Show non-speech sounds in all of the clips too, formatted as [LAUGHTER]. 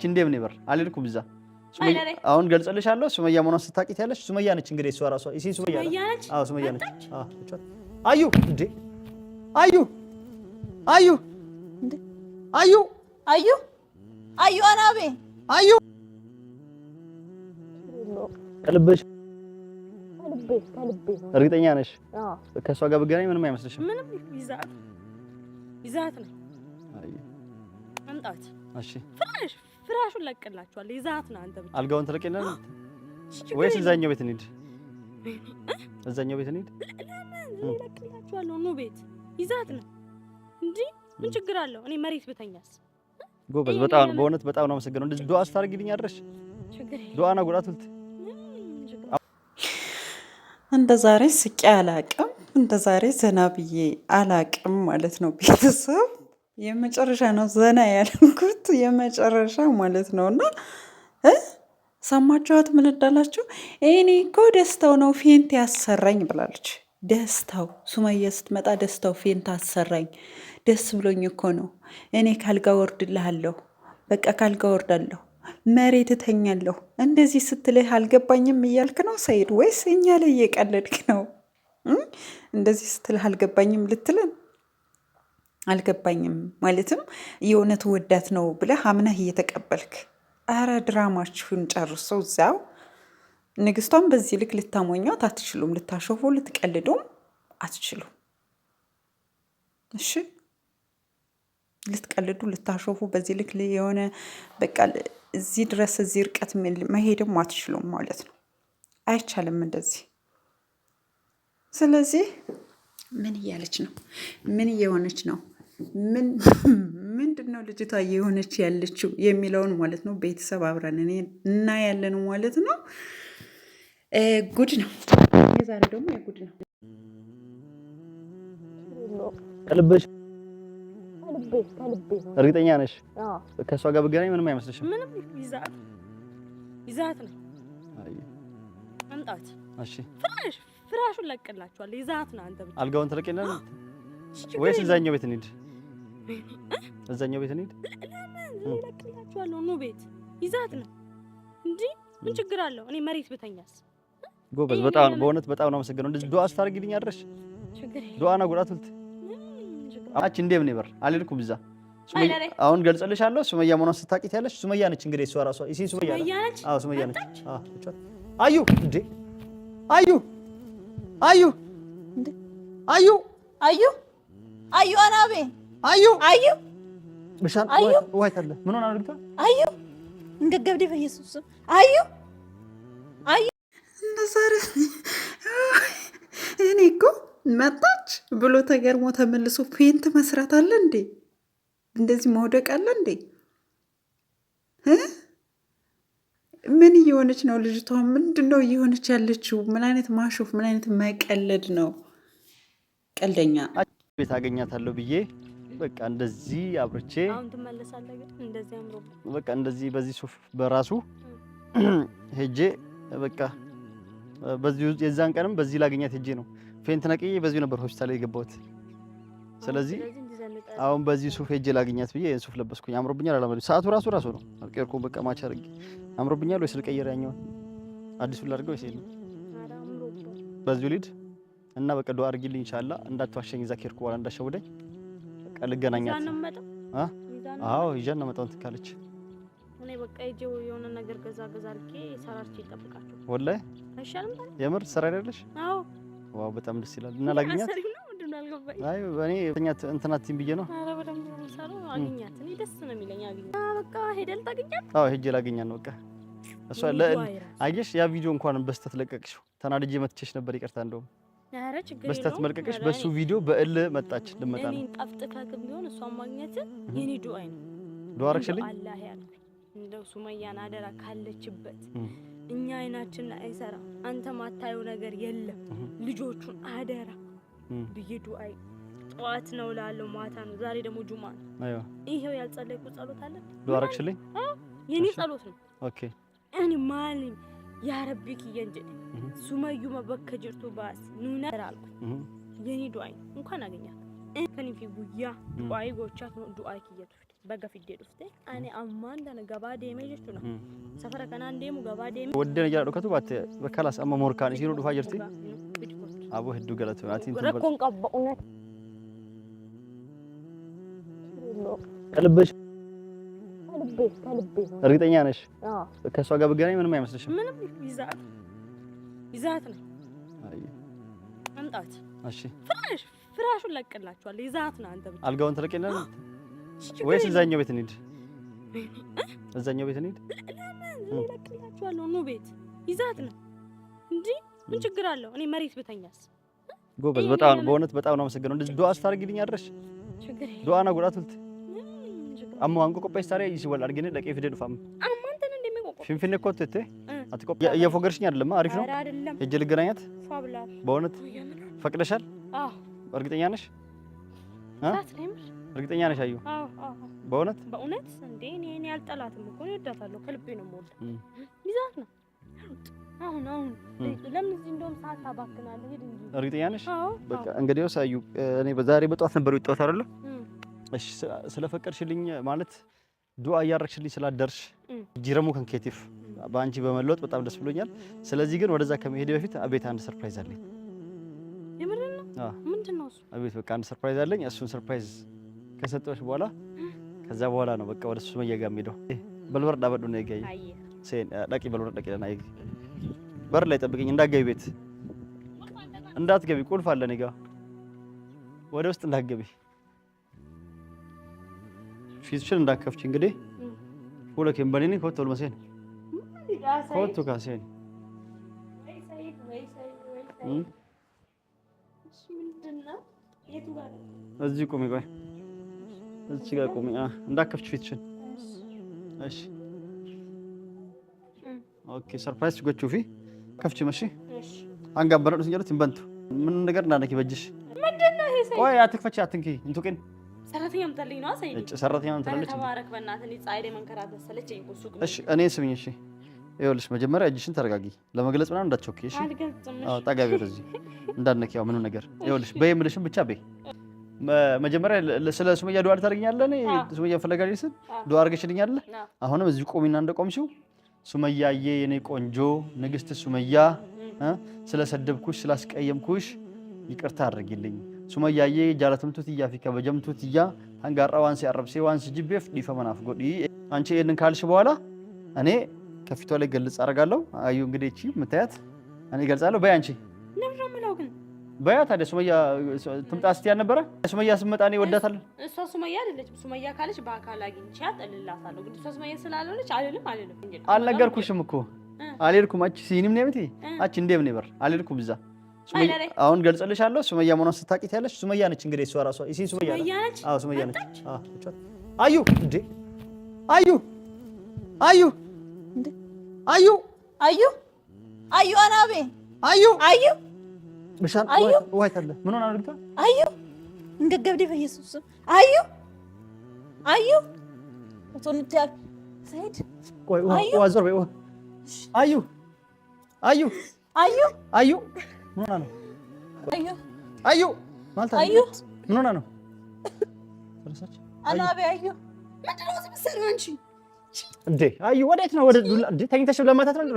ናች። እንዴም ነበር አልልኩም እዛ አሁን ገልጸልሻለሁ። ሱመያ መሆኗን ስታቂት ያለች ሱመያ ነች። እንግዲህ እሷ ራሷ እሺ፣ ሱመያ ነች። አዎ ሱመያ ነች። አዎ አዩ እንዴ! አዩ አዩ እንዴ! አዩ አዩ አዩ አናቤ አዩ ከልብሽ እርግጠኛ ነሽ? አዎ ከእሷ ጋር ብገናኝ ምንም አይመስልሽም? ምንም ይዛት ይዛት ነው ይዛት ነው። እሺ ፍራሹን ለቅላችኋል። ይዛት ነው አንተ ብቻ አልጋውን ትለቅልን [GASPS] ወይስ እዛኛው ቤት እንሂድ? እዛኛው ቤት እንሂድ። ለቅላችኋለሁ። ኑ ቤት ይዛት ነው እንጂ ምን ችግር አለው? እኔ መሬት ብተኛስ? ጎበዝ፣ በጣም በእውነት በጣም ነው አመሰግነው። እንደዚህ ዱአ ስታደርጊልኝ አድረሽ ዱአ ነው ጉዳት ሁልት እንደ ዛሬ ስቄ አላቅም። እንደ ዛሬ ዘና ብዬ አላቅም ማለት ነው ቤተሰብ የመጨረሻ ነው ዘና ያልኩት የመጨረሻ ማለት ነው። እና ሰማችኋት? ምን እንዳላችሁ? እኔ እኮ ደስታው ነው ፌንት ያሰራኝ ብላለች። ደስታው ሱመያ ስትመጣ ደስታው ፌንት አሰራኝ፣ ደስ ብሎኝ እኮ ነው። እኔ ካልጋ ወርድልሃለሁ፣ በቃ ካልጋ ወርዳለሁ፣ መሬት እተኛለሁ። እንደዚህ ስትልህ አልገባኝም እያልክ ነው ሰይድ፣ ወይስ እኛ ላይ እየቀለድክ ነው? እንደዚህ ስትልህ አልገባኝም ልትለን አልገባኝም። ማለትም የእውነት ወዳት ነው ብለህ አምነህ እየተቀበልክ አረ ድራማችሁን ጨርሰው እዚያው። ንግስቷን በዚህ ልክ ልታሞኟት አትችሉም፣ ልታሾፉ ልትቀልዱም አትችሉም። እሺ ልትቀልዱ ልታሾፉ በዚህ ልክ የሆነ በቃ እዚህ ድረስ እዚህ እርቀት መሄድም አትችሉም ማለት ነው። አይቻልም እንደዚህ ስለዚህ ምን እያለች ነው? ምን እየሆነች ነው? ምን [LAUGHS] ምንድን ነው ልጅቷ እየሆነች ያለችው የሚለውን ማለት ነው ቤተሰብ አብረን እኔ እና ያለን ማለት ነው። ጉድ ነው የዛሬ ደግሞ የጉድ ነው። ከልብሽ እርግጠኛ ነሽ? ከእሷ ጋር ብገናኝ ምንም አይመስልሽም? ምንም ይዛት ነው። መምጣት እሺ ፍራሹን ለቅላችኋል። ይዛት ነው አንተ። አልጋውን ትለቅልን [GASPS] ወይስ እዛኛው ቤት እንሂድ? እዛኛው ቤት እንሂድ። ለቅላችኋለሁ። ኑ ቤት ይዛት ነው እንጂ ምን ችግር አለው? እኔ መሬት ብተኛስ? ጎበዝ፣ በጣም በእውነት በጣም ነው አመሰግነው። እንደዚህ ዱአ ስታደርጊልኝ አድረሽ ዱአና ጉዳት ሁልት አች እንዴም ነበር አልልኩም እዛ አሁን ገልጸልሻለሁ። ሱመያ መሆኗን ስታቂት ያለሽ ሱመያ ነች። እንግዲህ እሷ ራሷ ሱመያ ነች። አዩ እንዴ አዩ አዩ አዩ አዩ አዩ አናቤ አዩ አዩ ብሻን አዩ ወይታለ ምን ሆነ አድርጋ አዩ እንገገብዴ በኢየሱስ አዩ አዩ እንደዛሬ እኔ እኮ መጣች ብሎ ተገርሞ ተመልሶ ፌንት መስራት አለ እንዴ? እንደዚህ መውደቅ አለ እንዴ? ምን እየሆነች ነው ልጅቷ? ምንድን ነው እየሆነች ያለችው? ምን አይነት ማሾፍ፣ ምን አይነት መቀለድ ነው? ቀልደኛ ቤት አገኛታለሁ ብዬ በቃ እንደዚህ አብርቼ በቃ እንደዚህ በዚህ ሱፍ በራሱ ሄጄ በቃ የዛን ቀንም በዚህ ላገኛት ሄጄ ነው ፌንት ነቅዬ በዚሁ ነበር ሆስፒታል የገባሁት። ስለዚህ አሁን በዚህ ሱፍ ሄጄ ላገኛት ብዬ ሱፍ ለበስኩኝ። አምሮብኛል። አላመ ሰዓቱ ራሱ ራሱ ነው አልቀርኩም። በቃ ማቻ አድርጌ አምሮብኛል ወይስ ልቀይር? ያኛውን አዲሱን ላድርገው ወይስ የለም? በዚሁ ልሂድ እና በቃ ዱአ አድርጊልኝ ይቻላ እንዳትዋሸኝ። እዛ ከሄድኩ በኋላ እንዳሸውደኝ በቃ ልገናኛት። አዎ ይዣት ነው መጣው እንትን ካለች እኔ በቃ ይዤው የሆነ ነገር ገዛ ገዛ አድርጌ ሰራርቼ እጠብቃለሁ። ወላሂ አይሻልም? የምር ስራ አይደለሽ? አዎ። ዋው በጣም ደስ ይላል። እና ላግኛት? አይ እኔ ተኛት እንትናት ብዬ ነው። አረ በደምብ ነው የምሰራው። አግኛት። እኔ ደስ ነው የሚለኝ አግኛት። በቃ ሄደል ታግኛት? አዎ ሄጄ ላግኛት ነው በቃ እሷ አየሽ፣ ያ ቪዲዮ እንኳን በስተት ለቀቅሽው። ተናድጄ መትቼሽ ነበር፣ ይቅርታ። እንደውም በስተት መልቀቅሽ በሱ ቪዲዮ በእል መጣች። ልመጣ ነው ግን ቢሆን እሷን ማግኘት የኔ ዱአይ ነው። ዱአ አደረግሽልኝ። አላህ ያልኩ እንደው ሱመያን አደራ ካለችበት እኛ አይናችን አይሰራ፣ አንተ ማታየው ነገር የለም። ልጆቹን አደራ ብዬ ዱአይ ጠዋት ነው ላለው ማታ ነው። ዛሬ ደግሞ ጁማ ነው። ይሄው ያልጸለይኩ ጸሎት አለ። ዱአ አደረግሽልኝ። የኔ ጸሎት ነው። ኦኬ ani maalin yaa rabbii kiyyan jedhe sumayyuma bakka jirtu baasi nuna alkuun የኔ ዱአይ እንኳን አገኛት ከኒፊ ጉያ ዱአይ ጎቻት ነው ዱአይ kiyya tufte bagga fiddee dhufte ani ammaan tana gabaa deemee jechuudha safara kanaan deemu gabaa deemee waddeen jala dhokatu baatte kalas amma moorkaan ishiinuu dhufaa jirti aboo hedduu galatu atiin rakkoon qabba uummat እርግጠኛ ነሽ? ከእሷ ጋር ብገናኝ ምንም አይመስልሽም? ምንም ይዛት ይዛት ነው አይ መምጣት። እሺ ፍራሽ ፍራሹን ለቅላችኋለሁ። ይዛት ነው አንተ ብቻ አልጋውን ትለቅልናል ወይስ እዛኛው ቤት እንሂድ? እዛኛው ቤት እንሂድ። ለቅላችኋለሁ። ኑ ቤት ይዛት ነው እንጂ ምን ችግር አለው? እኔ መሬት ብተኛስ? ጎበዝ፣ በጣም በእውነት በጣም ነው አመሰግነው። እንደዚህ ዱአ ስታደርጊልኝ አድረሽ ዱአ ነው ጉዳቱልት ammaan qopheessaree wal argine dhaqee fide dhufamu ammaan tan እንደሚቆቆ ፊንፊኔ እኮ ትትህ አትቆም። እየፎገርሽኝ አይደለም? አሪፍ ነው። ሂጅ ልገናኛት። በእውነት ፈቅደሻል? እርግጠኛ ነሽ? እርግጠኛ ነሽ? አዩ በእውነት በእውነት እንዴ እኔ አልጠላትም እኮ እወዳታለሁ። ከልቤ ነው የምወዳት። ይዛት ነው አሁን አሁን ለምን እዚህ እንደውም ሰዓት ታባክናለህ። ሂድ እንጂ። እርግጠኛ ነሽ? በቃ እንግዲህ አዩ እኔ በዛሬ በጠዋት ነበር የወጣሁት አይደለ ስለፈቀድሽልኝ ማለት ዱዓ እያረግሽልኝ ስላደርሽ ጂረሙ ከንኬቲፍ በአንቺ በመለወጥ በጣም ደስ ብሎኛል። ስለዚህ ግን ወደዛ ከመሄድ በፊት አቤት አንድ ሰርፕራይዝ አለኝ። አቤት በቃ አንድ ሰርፕራይዝ አለኝ። እሱን ሰርፕራይዝ ከሰጠሽ በኋላ ከዛ በኋላ ነው በቃ ወደ ሱመያ ጋር የምሄደው። ነው ይገኝ ሴን ዳቂ ዳቂ በር ላይ ጠብቀኝ፣ እንዳትገቢ ቤት እንዳትገቢ፣ ቁልፍ አለ እኔ ወደ ውስጥ እንዳትገቢ ፊትሽን እንዳከፍች እንግዲህ ሁለኬን በኔኒ ኮት ወልመሴን ኮቱ ካሴን እዚህ ቁሚ፣ ቆይ እዚህ ጋር ቁሚ። እንዳከፍች ፊትሽን። እሺ ኦኬ። ሰርፕራይዝ ጎቹ ፊ ከፍች መሺ አንጋበረዱስ እንጀሉት ይንበንቱ ምን ነገር እንዳነኪ በጅሽ ምንድነው? ቆይ አትክፈች፣ አትንኪ እንቱቅን ሰራተኛ ምታለኝ ነው ሰይድ እጭ ሰራተኛ ምታለች። ተባረክ በእናትህ እኔ ፀሐይ ላይ መንከራተት ሰለቸኝ እኮ ሱቅ። እሺ እኔ ስሚኝ፣ እሺ ይኸውልሽ፣ መጀመሪያ እጅሽን ተረጋጊ። ለመግለጽ ምናምን እሺ። ምንም ነገር ይኸውልሽ፣ በይ ብቻ በይ። መጀመሪያ ስለ ሱመያ ዱዓ እኔ ሱመያ ፈለጋ ስል ዱዓ አድርገሽልኛለህ። አሁንም ቆሚና እንደቆምሽው ሱመያዬ፣ የኔ ቆንጆ ንግስት ሱመያ፣ ስለሰደብኩሽ ስላስቀየምኩሽ ይቅርታ አድርጊልኝ sumayyaayee jaalatamtuuti iyyaa fi kabajamtuuti iyyaa hangaarra waan si arrabsee waan si jibbeef dhiifa manaaf godhi አንቺ ይህንን ካልሽ በኋላ እኔ ከፊቷ ላይ ገልጽ አደርጋለሁ። አዩ እንግዲህ እቺ የምታያት እኔ እገልጻለሁ። በይ አንቺ በያ ታዲያ ሱመያ ትምጣ ስትይ አልነበረ? ሱመያ ስትመጣ እኔ ወዳታለሁ። እሷ ሱመያ አይደለችም። ሱመያ ካለች በአካል አግኝቻት እልላታለሁ። ግን እሷ ሱመያ ስላልሆነች አልልም። አልልም አልነገርኩሽም እኮ አልሄድኩም። አቺ ሲኒም ነይ ቤቴ አቺ እንደም ነይ በር አልሄድኩም እዛ አሁን ገልጸልሻለሁ። ሱመያ መሆኗን ስታቂት ያለች ሱመያ ነች። እንግዲህ እሷ ራሷ እሺ፣ ሱመያ ነች። አዎ ሱመያ ነች። አዎ አዩ እንዴ! አዩ አዩ እንዴ! አዩ አዩ አዩ አናቤ አዩ አዩ ብሻን አዩ ወይ ታለ ምን ሆነ አድርጋ አዩ እንገገብዴ በኢየሱስ አዩ አዩ ወጥንት ያ ሰይድ ቆይ ወ አዩ አዩ አዩ አዩ ምን ሆና ነው? አዩ አዩ አዩ ምን ሆና ነው? ተረሳች። አና አቤ አዩ ምንድን ነው አንቺ? እንዴ አዩ ወዴት ነው? ወደ ዱላ እንዴ ተኝተሽ ለማታት ነው እንዴ?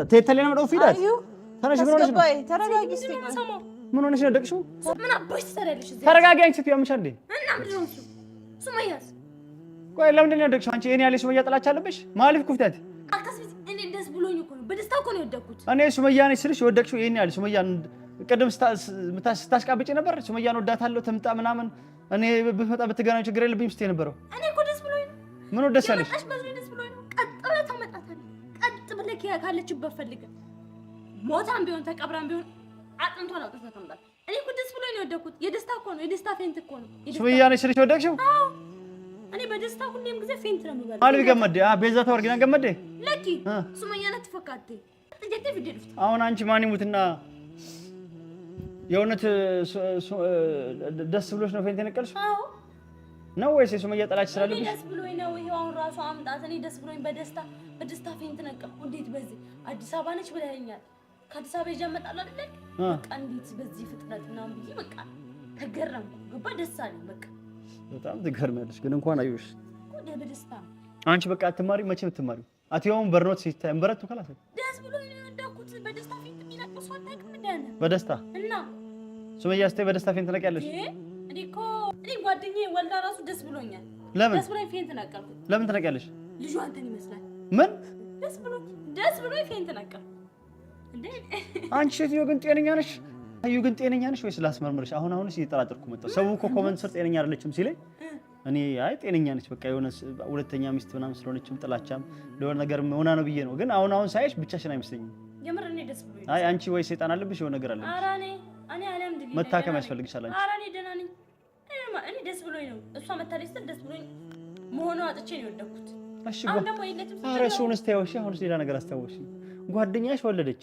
አንቺ ተሌና መጣሁ ፊዳት ተነሽ። ምን ሆነሽ ነው? ምን ሆነሽ ነው? ደቅሽው። ምን አባሽ ትሰሪያለሽ? ተረጋጊ። አንቺ ያምሻል እንዴ? እና ምን ነው እሱ ቆይ ለምንድን ነው ያደግሽው አንቺ? እኔ ያለሽ ሱመያ ጥላቻ አለብሽ ማለፍ ኩፍታት እኮ ነው፣ በደስታ እኮ ነው የወደኩት። እኔ ሱመያ ነኝ ስልሽ የወደቅሽው ይሄን ያህል ሱመያ ቅድም ነበር። ሱመያን ወዳታለሁ ትምጣ ምናምን እኔ ብትመጣ ብትገናኝ ችግር የለብኝም ስትይ ነበረው። እኔ እኮ ደስ ብሎኝ ነው። ምን ደስ ቀጥ ብለህ ታመጣታለህ። ቀጥ ብለህ ካለችበት ፈልገህ ሞታም ቢሆን ተቀብራም ቢሆን አጥንቷን አውጥተህ ታመጣታለህ። እኔ እኮ ደስ ብሎኝ ነው የወደኩት። የደስታ እኮ ነው፣ የደስታ ፌንት እኮ ነው። ሱመያ ስልሽ የወደቅሽው እኔ በደስታ ሁሌም ጊዜ ፌንት ነው የምበላው። አልቢ ገመዴ ቤዛ ተወርጊና ገመዴ ለኪ ሱመኛ ናት ፈካቴ ጥጀቴ ፍደድፍት አሁን አንቺ ማን ይሙትና የእውነት ደስ ብሎሽ ነው ፌንት የነቀልሽ ነው ወይስ የሱመያ ጠላች ስላለብሽ? ደስ ብሎኝ ነው። ይሄው አሁን ራሱ አምጣት። እኔ ደስ ብሎኝ በደስታ በደስታ ፌንት ነቀልኩ። እንዴት በዚህ አዲስ አበባ ነች ብለኸኛል። ከአዲስ አበባ ይዤ እመጣለሁ አይደል? በቃ እንዴት በዚህ ፍጥነት ምናምን ብዬ በቃ ተገረምኩ። ገባ ደስ አለኝ በቃ በጣም ትገርሚያለሽ ግን እንኳን አየሁሽ። አንቺ በቃ አትማሪ መቼ ትማሪ አትየውም በርኖት ሲታይ እንበረቱ ከላስ ደስ ብሎ የወደኩት በደስታ ፊት የሚለቅሱ አታውቅም። በደስታ እና ሱመያ ስትይ በደስታ ፊት ትነቂያለሽ። እኔ እኮ ጓደኛዬ ወልዳ ራሱ ደስ ብሎኛል። ለምን ደስ ብሎኝ ፊት ተነቀልኩ። ለምን ትነቂያለሽ? ልጁ አንተን ይመስላል። ምን ደስ ብሎ ደስ ብሎ ፊት ተነቀልኩ እንዴ! አንቺ ሴትዮ ግን ጤነኛ ነሽ? አዩ ግን ጤነኛ ነሽ ወይስ ላስመርምርሽ? አሁን አሁንስ እየጠራጠርኩ መጣሁ። ሰው እኮ ኮመንት ስር ጤነኛ አይደለችም ሲለኝ እኔ አይ ጤነኛ ነች በቃ የሆነ ሁለተኛ ሚስት ምናምን ስለሆነችም ጥላቻም ለሆነ ነገር ሆና ነው ብዬ ነው። ግን አሁን አሁን ሳይሽ ብቻሽን አይመስለኝም። አይ አንቺ ወይ ሰይጣን አለብሽ የሆነ ነገር አለብሽ። መታከም ያስፈልግሻል አንቺ። እኔ ደስ ብሎኝ ነው እሷ መታደስ ደስ ብሎኝ መሆኑ አጥቼ ነው የወደኩት። እሺ አሁን ደግሞ ይለጥፍ። አረ እሱን እስቲ ያውሽ። ሌላ ነገር አስታወሽ። ጓደኛሽ ወለደች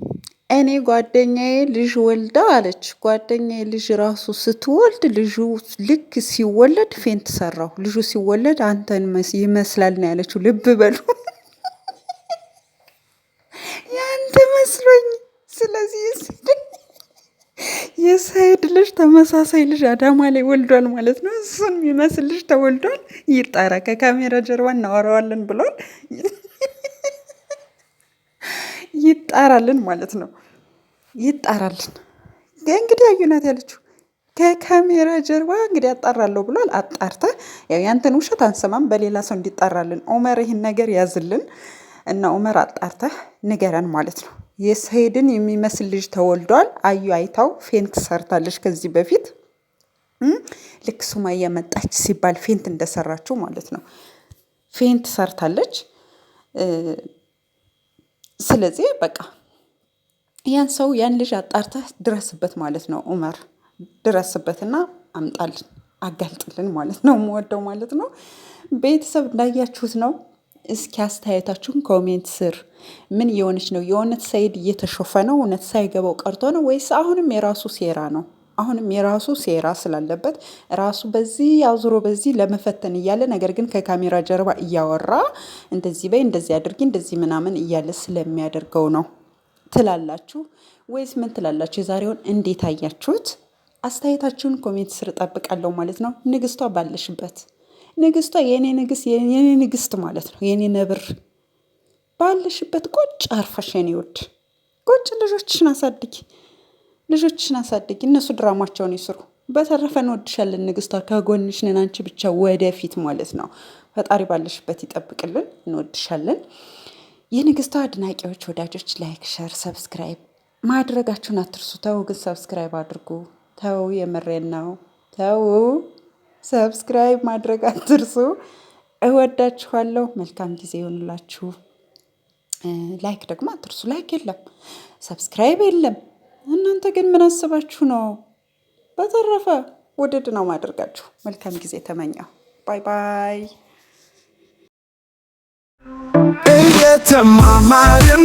እኔ ጓደኛዬ ልጅ ወልዳ አለች ጓደኛዬ ልጅ ራሱ ስትወልድ ልጁ ልክ ሲወለድ ፌንት ሰራሁ። ልጁ ሲወለድ አንተን ይመስላል ነው ያለችው። ልብ በሉ [LAUGHS] ያንተ መስሎኝ። ስለዚህ የሳይድ ልጅ ተመሳሳይ ልጅ አዳማ ላይ ወልዷል ማለት ነው። እሱን የሚመስል ልጅ ተወልዷል። ይጣራ ከካሜራ ጀርባ እናወራዋለን ብሏል። ይጣራልን ማለት ነው። ይጣራልን እንግዲህ አዩናት ያለችው ከካሜራ ጀርባ እንግዲህ አጣራለሁ ብሏል። አጣርተ ያው ያንተን ውሸት አንሰማም፣ በሌላ ሰው እንዲጣራልን ኦመር ይህን ነገር ያዝልን እና ኦመር አጣርተ ንገረን ማለት ነው። የሰሄድን የሚመስል ልጅ ተወልዷል። አዩ አይታው ፌንት ሰርታለች ከዚህ በፊት ልክ ሱማያ መጣች ሲባል ፌንት እንደሰራችው ማለት ነው። ፌንት ሰርታለች። ስለዚህ በቃ ያን ሰው ያን ልጅ አጣርተህ ድረስበት ማለት ነው። ኡመር ድረስበትና አምጣልን፣ አጋልጥልን ማለት ነው። የምወደው ማለት ነው። ቤተሰብ እንዳያችሁት ነው። እስኪ አስተያየታችሁን ኮሜንት ስር ምን እየሆነች ነው? የእውነት ሰይድ እየተሾፈ ነው? እውነት ሳይገባው ቀርቶ ነው ወይስ አሁንም የራሱ ሴራ ነው? አሁንም የራሱ ሴራ ስላለበት ራሱ በዚህ አዙሮ በዚህ ለመፈተን እያለ ነገር ግን ከካሜራ ጀርባ እያወራ እንደዚህ በይ እንደዚህ አድርጊ እንደዚህ ምናምን እያለ ስለሚያደርገው ነው ትላላችሁ ወይስ ምን ትላላችሁ? የዛሬውን እንዴት አያችሁት? አስተያየታችሁን ኮሜንት ስር እጠብቃለሁ ማለት ነው። ንግስቷ ባለሽበት ንግስቷ የእኔ ንግስት የኔ ንግስት ማለት ነው የኔ ነብር ባለሽበት ቁጭ አርፈሽ የኔ ውድ ቁጭ ልጆችሽን አሳድጊ። ልጆችሽን አሳድጊ፣ እነሱ ድራማቸውን ይስሩ። በተረፈ እንወድሻለን ንግስቷ፣ ከጎንሽ ነን፣ አንቺ ብቻ ወደፊት ማለት ነው። ፈጣሪ ባለሽበት ይጠብቅልን፣ እንወድሻለን። የንግስቷ አድናቂዎች፣ ወዳጆች ላይክ፣ ሸር፣ ሰብስክራይብ ማድረጋችሁን አትርሱ። ተው ግን ሰብስክራይብ አድርጉ። ተው የምሬን ነው። ተው ሰብስክራይብ ማድረግ አትርሱ። እወዳችኋለሁ። መልካም ጊዜ ይሆንላችሁ። ላይክ ደግሞ አትርሱ። ላይክ የለም፣ ሰብስክራይብ የለም። እናንተ ግን ምን አስባችሁ ነው? በተረፈ ውድድ ነው ማድረጋችሁ። መልካም ጊዜ ተመኘሁ። ባይ ባይ። እየተማማርን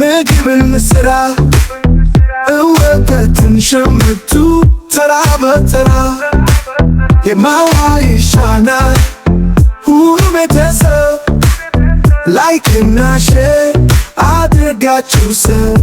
ምግብን ስራ እወተትን ሸምቱ ተራ በተራ የማዋ ይሻናል ሁሉ ቤተሰብ ላይክና ሼር አድርጋችሁ ሰብ